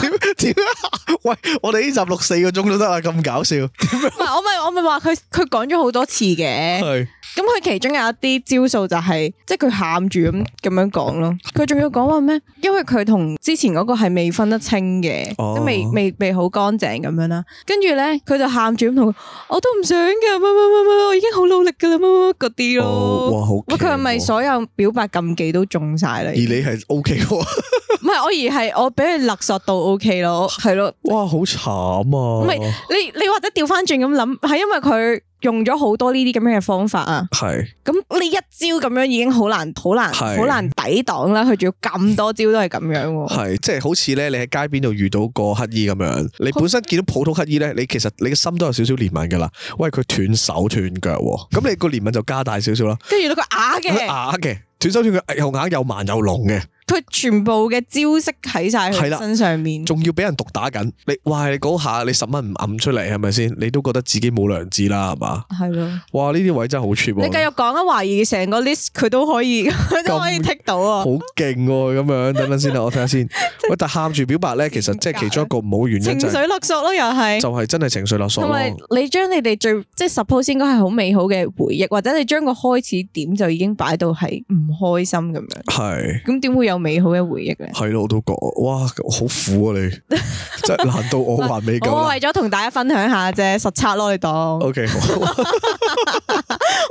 點 點啊？喂，我哋呢集六四個鐘都得啊，咁搞笑。唔係、啊、 我咪我咪話佢，佢講咗好多次嘅。 咁佢其中有一啲招數就係、是，即係佢喊住咁咁樣講咯。佢仲要講話咩？因為佢同之前嗰個係未分得清嘅，都、啊、未未未好乾淨咁樣啦。跟住咧，佢就喊住咁同佢，我都唔想噶，乜乜乜乜，我已經好努力噶啦，乜乜嗰啲咯、哦。哇，好、啊！佢係咪所有表白禁忌都中晒啦、OK？ 而你係 O K，唔係我而係我俾佢勒索到 O K 咯，係咯。哇，好慘啊！唔係你你，你，你或者調翻轉咁諗，係因為佢。用咗好多呢啲咁樣嘅方法啊，咁呢是一招咁樣已經好難，好難，好是難抵擋啦。佢仲要咁多招都係咁樣，係即係好似咧，你喺街邊度遇到個乞衣咁樣，你本身見到普通乞衣咧，你其實你嘅心都有少少憐憫噶啦。喂，佢斷手斷腳，咁你個憐憫就加大少少啦。跟住到佢啞嘅，啞嘅。小周轉佢又硬又慢又濃嘅，佢全部嘅招式喺晒佢身上面，仲要俾人毒打緊。你哇！你嗰下你十蚊唔揞出嚟係咪先？你都覺得自己冇良知啦係嘛？係咯。哇是的！呢啲位真係好 cheap。你繼續講啊，懷疑成個 list 佢都可以，都可以 tick 到啊。好勁喎，咁樣， 等等先啦，我睇下先。喂，但喊住表白咧，其實即係其中一個唔好原因就係就係情緒勒索咯，又係就係真係情緒勒索咯。同埋你將你哋最即係 suppose 先，應該係好美好嘅回憶，或者你將個開始點就已經擺到係唔。開心咁樣，係咁點會有美好嘅回憶嘅？係咯，我都覺，哇，好苦啊！你即係，難道我還未夠？我為咗同大家分享下啫，實測咯，你當 OK，好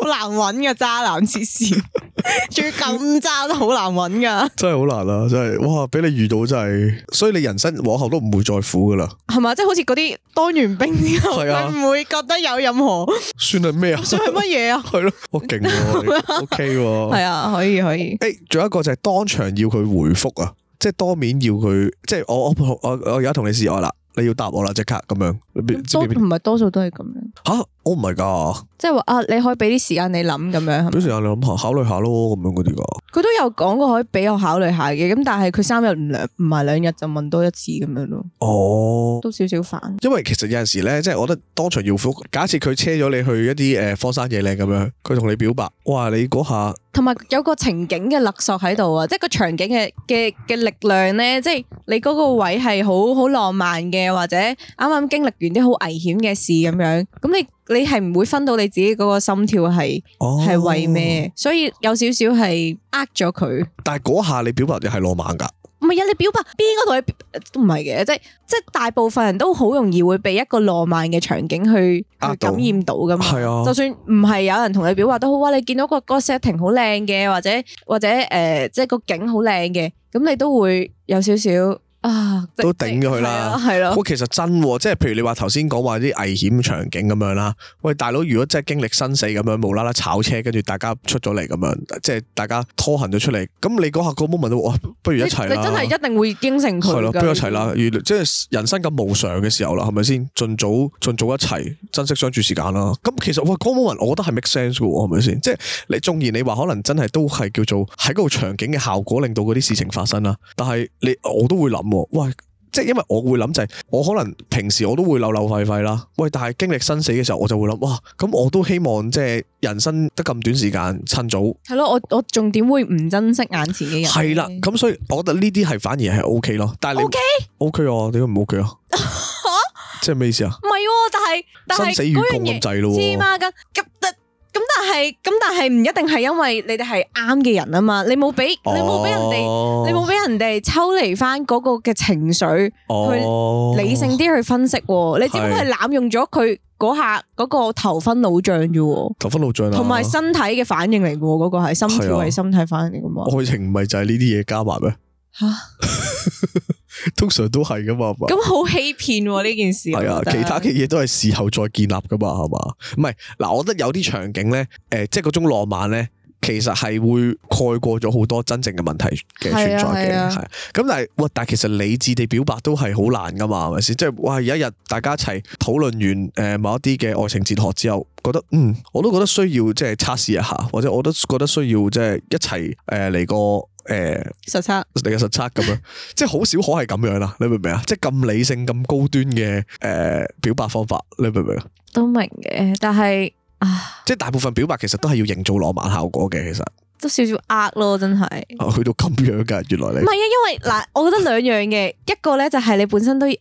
難搵嘅渣男，痴線。仲要咁渣都好難搵噶，真係好難啊！真係，哇，俾你遇到真係，所以你人生往後都唔會再苦噶啦，係嘛？即係好似嗰啲當完兵，係你唔會覺得有任何算係咩啊？算係乜嘢啊？係咯，我勁，OK，係啊，可以。可以，誒，仲有一個就係當場要佢回覆啊，即係當面要佢，即係我我我我而家同你示愛啦，你要答我啦，即刻咁樣，唔係多數都係咁樣。吓？我唔係㗎。即係話啊，你可以俾啲時間你諗咁樣，俾時間你諗下，考慮下咯，咁樣嗰啲噶。佢都有講過可以俾我考慮下嘅，咁但係佢三日唔兩唔係兩日就問多一次咁樣咯。哦，都少少煩。因為其實有陣時咧，即係我覺得當場要覆。假設佢車咗你去一啲誒荒山野嶺咁樣，佢同你表白，哇！你嗰下同埋有個情景嘅勒索喺度啊，即係個場景嘅嘅嘅力量咧，即係你嗰個位係好好浪漫嘅，或者啱啱經歷完啲好危險嘅事咁樣，咁你。你係唔會分到你自己嗰個心跳係係為咩？所以有少少係呃咗佢。但係嗰下你表白又係浪漫噶。唔係呀，你表白邊個同你都唔係嘅，即係即係大部分人都好容易會被一個浪漫嘅場景去，到去感染到㗎嘛。係啊，就算唔係有人同你表白都好，哇！你見到個個 setting 好靚嘅，或者或者誒，即係、呃、即係、個景好靚嘅，咁你都會有少少。啊，整整都頂咗佢啦，係咯、啊。喂，其實真即係，譬如你話頭先講話啲危險場景咁樣啦。喂，大佬，如果真係經歷生死咁樣無啦啦炒車，跟住大家出咗嚟咁樣，即係大家拖行咗出嚟。咁你嗰下嗰 moment 都，不如一齊啦！真係一定會應承佢。係咯，不如一齊啦。即係人生咁無常嘅時候啦，係咪先？盡早盡早一齊，珍惜相處時間啦。咁其實喂，嗰 moment 我覺得係 make sense 嘅喎，係咪先？即係你縱然你話可能真係都係叫做喺嗰度場景嘅效果令到嗰啲事情發生啦。但係你我都會諗。喂，即係因為我會諗就係，是我可能平時我都會流流費費啦。喂，但係經歷生死嘅時候，我就會諗，哇，咁我都希望即係人生得咁短時間，趁早，係咯。我我仲點會唔珍惜眼前嘅人？係啦，咁所以我覺得呢啲係反而係 O K 咯。但係你 O K，O K 啊，點解唔 O K 啊？即係咩意思啊？唔係，但係但係生死與共咁滯。咁但係，咁但係唔一定係因為你哋係啱嘅人啊嘛，你冇俾你冇俾人哋，你冇俾人哋抽離翻嗰個嘅情緒，去理性啲去分析。你只不過係濫用咗佢嗰下嗰個頭昏腦脹啫，頭昏腦脹啦，同埋身體嘅反應嚟嘅嗰個係心跳係身體反應嚟嘅嘛。愛情唔係就係呢啲嘢加埋咩？吓，啊、 通常都係噶嘛，咁好欺騙呢件事係啊，其他嘅嘢都係事後再建立噶嘛，係嘛，唔係嗱，我覺得有啲場景咧，誒、呃，即係嗰種浪漫咧，其實係會蓋過咗好多真正嘅問題嘅存在嘅，係咁、啊啊，但係，但其實理智地表白都係好難噶嘛，係咪先？即係哇，有一日大家一齊討論完誒某一啲嘅愛情哲學之後，覺得嗯，我都覺得需要即係測試一下，或者我都覺得需要即係一齊誒嚟個。誒，呃、實測測，你嘅實測咁樣， 即係好少可係咁樣啦。你明唔明啊？即係咁理性、咁高端嘅誒、呃、表白方法，你明唔明啊？都明嘅，但係啊，即係大部分表白其實都係要營造浪漫效果嘅，其實都少少呃咯，真係、啊。去到咁樣噶，原來你唔係啊？因為嗱，我覺得兩樣嘅， 一個咧就係你本身都要。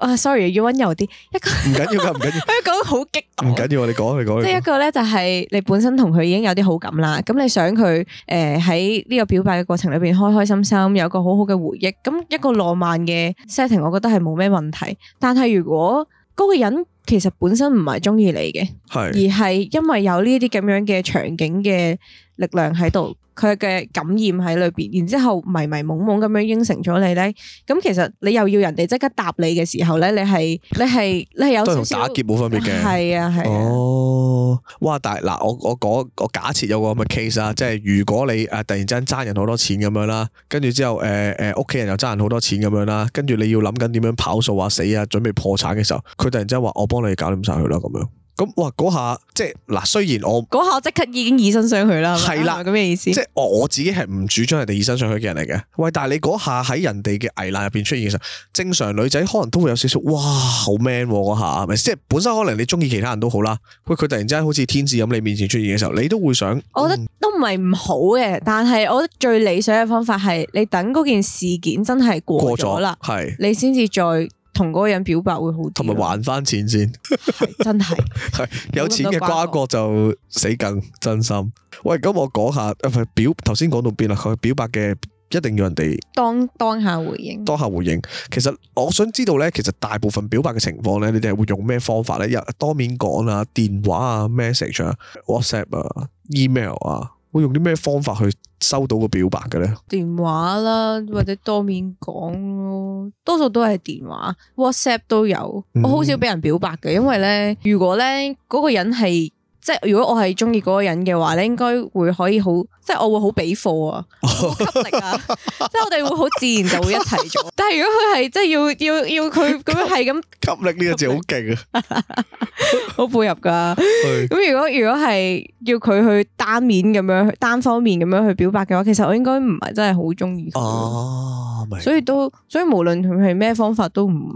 啊，sorry，要溫柔啲。一個唔緊要噶，唔緊要。佢講得好激動。唔緊要，我哋講，你講。呢一個咧，就係你本身同佢已經有啲好感啦。咁你想佢誒喺呢個表白嘅過程裏邊開開心心，有個好好嘅回憶。咁一個浪漫嘅 setting，我覺得係冇咩問題。但係如果嗰個人其實本身唔係中意你嘅，係而係因為有呢啲咁樣嘅場景嘅力量喺度。佢嘅感染喺裏邊，然之後迷迷蒙蒙咁樣應承咗你咧，咁其實你又要人哋即刻答你嘅時候咧，你係你係你係有同打劫冇分別嘅，係、哦、啊係。啊哦，哇！但嗱，我我我，我假設有個咁嘅 case 啊，即係如果你誒突然之間爭人好多錢咁樣啦，跟住之後誒誒屋企人又爭人好多錢咁樣啦，跟住你要諗緊點樣跑數啊死啊，準備破產嘅時候，佢突然之間話我幫你搞掂晒佢啦咁樣。咁哇，嗰下即係嗱，雖然我嗰下即刻已經以身相許啦，係啦咁嘅意思。即係我我自己係唔主張人哋以身相許嘅人嚟嘅。喂，但係你嗰下喺人哋嘅危難入邊出現嘅時候，正常女仔可能都會有少少哇，好 man 嗰下，係咪即係本身可能你中意其他人都好啦。喂，佢突然之間好似天使咁你面前出現嘅時候，你都會想，嗯、我覺得都唔係唔好嘅。但係我覺得最理想嘅方法係你等嗰件事件真係過咗啦，係你先至再。同嗰個人表白會好，同埋還翻錢先 真係係 有錢嘅瓜葛就死梗，真心。喂，咁我講下，唔、呃、係表頭先講到邊啦？佢表白嘅一定要人哋當當下回應，當下回應。回應其實我想知道咧，其實大部分表白嘅情況咧，你哋係會用咩方法咧？有當面講啊，電話啊，message 啊，WhatsApp 啊，email 啊。Mail, 會用啲咩方法去收到個表白嘅咧？電話啦，或者當面講咯，多數都係電話，WhatsApp 都有。嗯、我好少俾人表白嘅，因為咧，如果咧嗰個人係。即係如果我係中意嗰個人嘅話咧，應該會可以好，即係我會好俾貨啊，好吸力啊， 即係我哋會好自然就會一齊做。 但係如果佢係即係要要要佢咁樣係咁吸，吸力呢個字好勁啊，好 配合噶。咁是如果如果係要佢去單面咁樣，單方面咁樣去表白嘅話，其實我應該唔係真係好中意佢。哦、啊，所以都所以無論佢係咩方法都唔。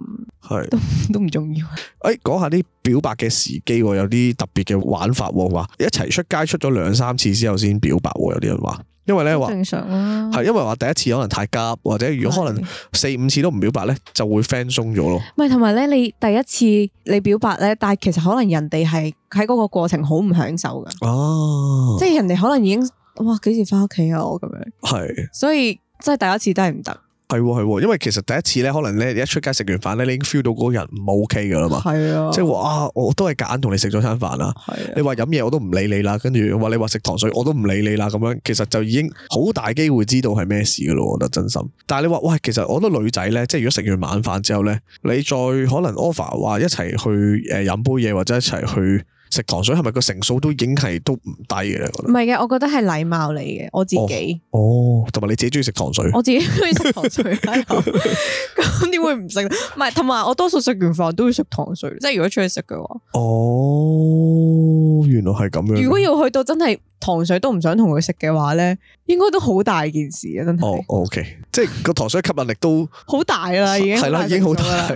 係對 都都唔重要。誒、欸，講下啲表白嘅時機，有啲特別嘅玩法。話一齊出街出咗兩三次之後先表白，有啲人話，因為咧話正常啦、啊。係因為話第一次可能太急，或者如果可能四五次都唔表白咧，就會 friend 鬆咗咯。咪同埋咧，你第一次你表白咧，但係其實可能人哋係喺嗰個過程好唔享受噶。哦、啊，即係人哋可能已經哇幾時返屋企啊？我咁樣係，是所以即係第一次都係唔得。係喎係喎，因為其實第一次咧，可能咧你一出街食完飯咧，你已經 feel 到嗰個人唔 OK 噶啦嘛。係啊是的，即係話啊，我都係夾硬同你食咗餐飯啦。係，是的 你話飲嘢我都唔理你啦，跟住話你話食糖水我都唔理你啦，咁樣其實就已經好大機會知道係咩事噶咯。我覺得真心。但係你話喂，其實我覺得女仔咧，即係如果食完晚飯之後咧，你再可能 offer 話一齊去誒飲杯嘢或者一齊去。食糖水係咪個成數都已經係都唔低嘅？唔係嘅，我覺得係禮貌嚟嘅。我自己哦，哦，同埋你自己中意食糖水，我自己中意食糖水，咁點 會唔食？唔係，同埋我多數食完飯都會食糖水，即係如果出去食嘅話。哦，原來係咁樣。如果要去到真係。糖水都唔想同佢食嘅話咧，應該都好大件事啊！真係哦，OK，即係個糖水吸引力都好 大啦，已經係啦， 已經好大啦。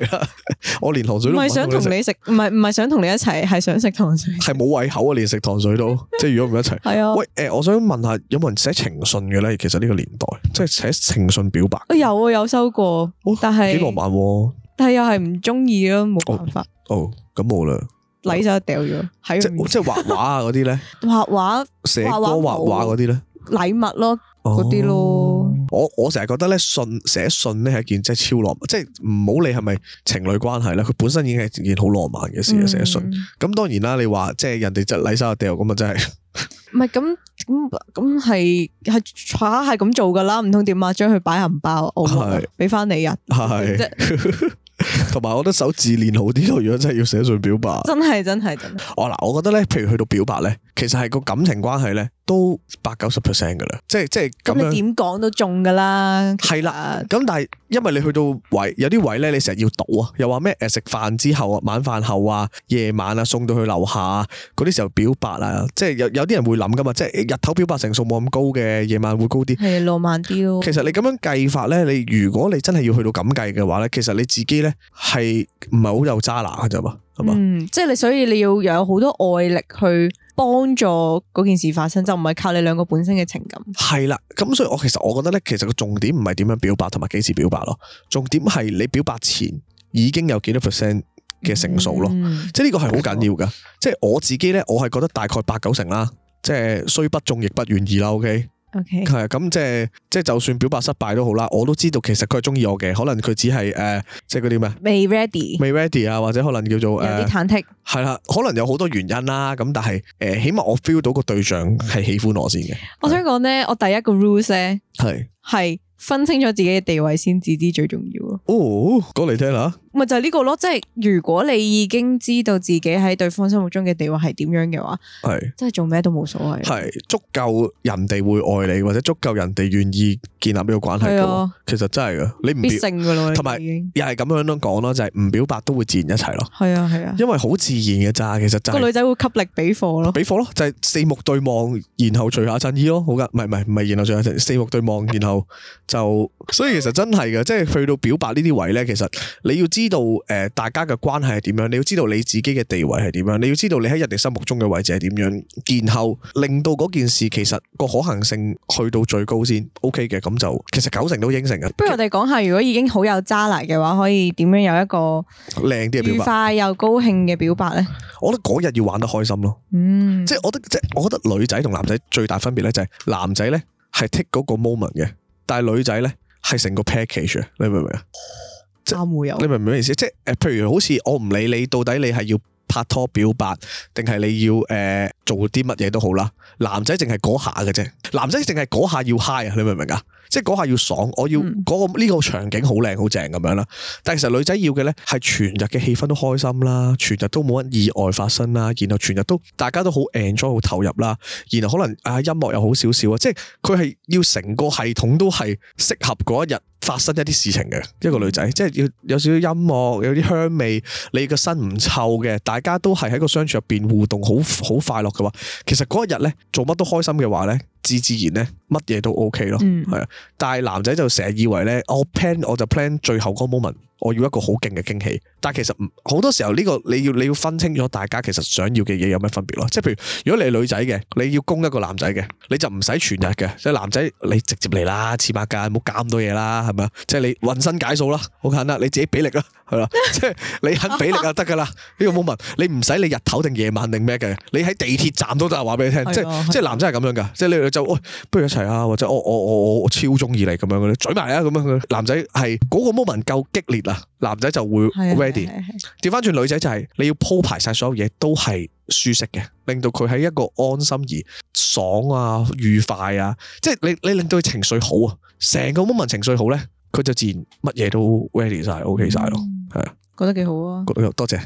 我連糖水都唔想同你食，唔係唔係想同你一齊，係想食糖水，係冇胃口啊！連食糖水都， 即係如果唔一齊，係 啊。喂，誒、呃，我想問下，有冇人寫情信嘅咧？其實呢個年代，即係寫情信表白，我、哦、有啊，有收過，但係幾浪漫，啊、但係又係唔中意咯，冇辦法。哦、oh, oh,，咁冇啦。禮就掉咗，即係即係畫畫啊嗰啲咧，畫畫、寫歌、畫畫嗰啲咧，禮物咯，嗰啲咯。我我成日覺得咧，信寫信咧係一件真係超浪漫，即係唔好理係咪情侶關係啦，佢本身已經係件好浪漫嘅事啊。寫信咁當然啦，你話即係人哋就禮就掉咁啊，真係。唔係咁咁咁係係錯係咁做噶啦，唔通點啊？將佢擺銀包，俾翻你啊？係。同埋、哦，我覺得手字練好啲咯，如果真係要寫信表白，真係真係真。我嗱，我覺得咧，譬如去到表白咧，其實係個感情關係咧，都八九十 percent 噶啦，即係即係咁。你點講都中噶啦。係啦，咁但係因為你去到位，有啲位咧，你成日要賭啊，又話咩食飯之後啊，晚飯後啊，夜晚啊，送到去樓下嗰啲時候表白啊，即係有有啲人會諗噶嘛，即係日頭表白成數冇咁高嘅，夜晚會高啲，係浪漫啲咯。其實你咁樣計法咧，你如果你真係要去到咁計嘅話咧，其實你自己咧。係唔係好有渣男嘅啫嘛，係嘛？嗯，即係你所以你要有好多外力去幫助嗰件事發生，就唔係靠你兩個本身嘅情感。係啦，咁所以我其實我覺得咧，其實個重點唔係點樣表白同埋幾時表白咯，重點係你表白前已經有幾多 percent 嘅成數咯，嗯、即係呢個係好緊要噶。即係、嗯、我自己咧，我係覺得大概八九成啦，即係雖不中亦不願意啦，OK。O K，係咁即係即係，Okay. 就是就是、就算表白失敗都好啦，我都知道其實佢係中意我嘅，可能佢只係誒，即係嗰啲咩未 ready，未 ready 啊，或者可能叫做有啲忐忑，係啦、呃，可能有好多原因啦，咁但係誒、呃，起碼我 feel 到個對象係喜歡我先嘅。嗯、的我想講咧，我第一個 rule 咧係係。是分清楚自己嘅地位先，至知最重要哦，講嚟聽下，咪就係呢、這個咯，即係如果你已經知道自己喺對方心目中嘅地位係點樣嘅話，係是 即係做咩都冇所謂，係足夠人哋會愛你，或者足夠人哋願意建立呢個關係、啊、其實真係噶，你唔必勝噶啦，同埋又係咁樣樣講咯，就係、是、唔表白都會自然一齊咯。係啊係啊，啊因為好自然嘅咋，其實、就是、個女仔會吸力俾貨咯，俾貨咯，就係、是、四目對望，然後除下襯衣咯，好噶，唔係唔係唔係，然後除下襯，四目對望，然後，然後。 就所以其實真係嘅，即係去到表白呢啲位呢。其實你要知道，誒，大家嘅關係係點樣，你要知道你自己嘅地位係點樣，你要知道你喺人哋心目中嘅位置係點樣，然後令到嗰件事其實個可行性去到最高先。OK 嘅咁就其實九成都應承嘅。不如我哋講下，如果已經好有渣男嘅話，可以點樣有一個靚啲嘅表白，快又高興嘅表白呢？我覺得嗰日要玩得開心咯。嗯，即係我覺得即係我覺得女仔同男仔最大分別呢，就係男仔呢係 take 嗰個 moment 嘅。但係女仔咧，係成個 package，你明唔明啊？ 即係 你明唔明咩意思？ 即係譬如好似我唔理你，到底你係要拍拖表白定係你要誒、呃、做啲乜嘢都好啦，男仔淨係嗰下嘅啫，男仔淨係嗰下要嗨 i 啊，你明唔明啊？即係嗰下要爽，我要個呢、嗯、個場景好靚好正咁樣啦。但係其實女仔要嘅咧係全日嘅氣氛都開心啦，全日都冇乜意外發生啦，然後全日都大家都好 enjoy 好投入啦，然後可能啊音樂又好少少啊，即係佢係要成個系統都係適合嗰一日。發生一啲事情嘅一個女仔，即係要有少少音樂，有啲香味，你個身唔臭嘅，大家都係喺個相處入邊互動，好好快樂嘅話，其實嗰一日咧做乜都開心嘅話咧，自自然咧乜嘢都 OK 咯，係啊、嗯。但係男仔就成日以為咧，我、oh, plan 我就 plan 最後嗰 moment。我要一個好勁嘅驚喜，但係其實好多時候呢個你要你要分清楚大家其實想要嘅嘢有咩分別咯。即係譬如如果你係女仔嘅，你要攻一個男仔嘅，你就唔使全日嘅，即係男仔你直接嚟啦，似白間唔好搞咁多嘢啦，係咪啊？即係你渾身解數啦，好簡單，你自己俾力啦，係啦，即係你肯俾力就得噶啦。呢 個 moment 你唔使你日頭定夜晚定咩嘅，你喺地鐵站都得，話俾你聽， 即係即係男仔係咁樣噶，即係 你就、哎、不如一齊啊，或者我我我我，我，我，我超中意你咁樣嘅，你嘴埋啊咁樣嘅，男仔係嗰個 moment 夠激烈。男仔就會 ready，調翻轉，女仔就係你要鋪排晒所有嘢都係舒適嘅，令到佢喺一個安心而爽啊愉快啊，即係你你令到佢情緒好啊，成個 moment 情緒好咧，佢就自然乜嘢都 ready 晒，OK 晒咯，嗯，係啊。覺得幾好啊！多謝，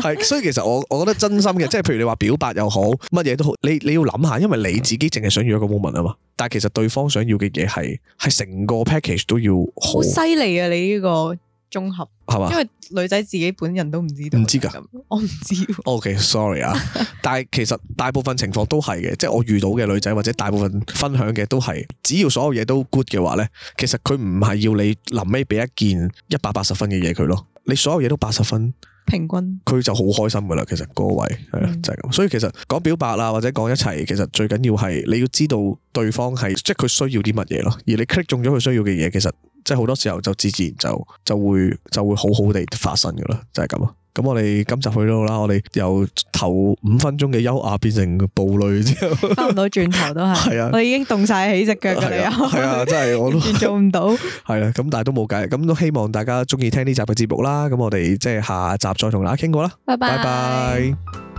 係， 所以其實我我覺得真心嘅，即係譬如你話表白又好，乜嘢都好，你你要諗下，因為你自己淨係想要一個 moment 啊嘛，但係其實對方想要嘅嘢係係成個 package 都要好犀利啊！你呢個。綜合係嘛，吧因為女仔自己本人都唔知道，唔知噶，我唔知、啊。OK，sorry 啊， 但係其實大部分情況都係嘅， 即係我遇到嘅女仔或者大部分分享嘅都係，只要所有嘢都 good 嘅話呢，其實佢唔係要你臨尾俾一件一百八十分嘅嘢佢咯，你所有嘢都八十分，平均，佢就好開心噶啦。其實個位係啊、嗯，就係咁。所以其實講表白啦，或者講一齊，其實最緊要係你要知道。對方係即係佢需要啲乜嘢咯，而你 click 中咗佢需要嘅嘢，其實即係好多時候就自自然就就會就會好好地發生噶啦，就係咁咯。咁我哋今集去到啦，我哋由頭五分鐘嘅優雅變成暴女之後，翻唔到轉頭都係，係 啊，我已經凍晒起隻腳嚟啊，係由啊，真係我都完全做唔到，係啦、 啊，咁但係都冇計，咁都希望大家鍾意聽呢集嘅節目啦。咁我哋即係下集再同大家傾過啦，拜拜 bye。Bye bye。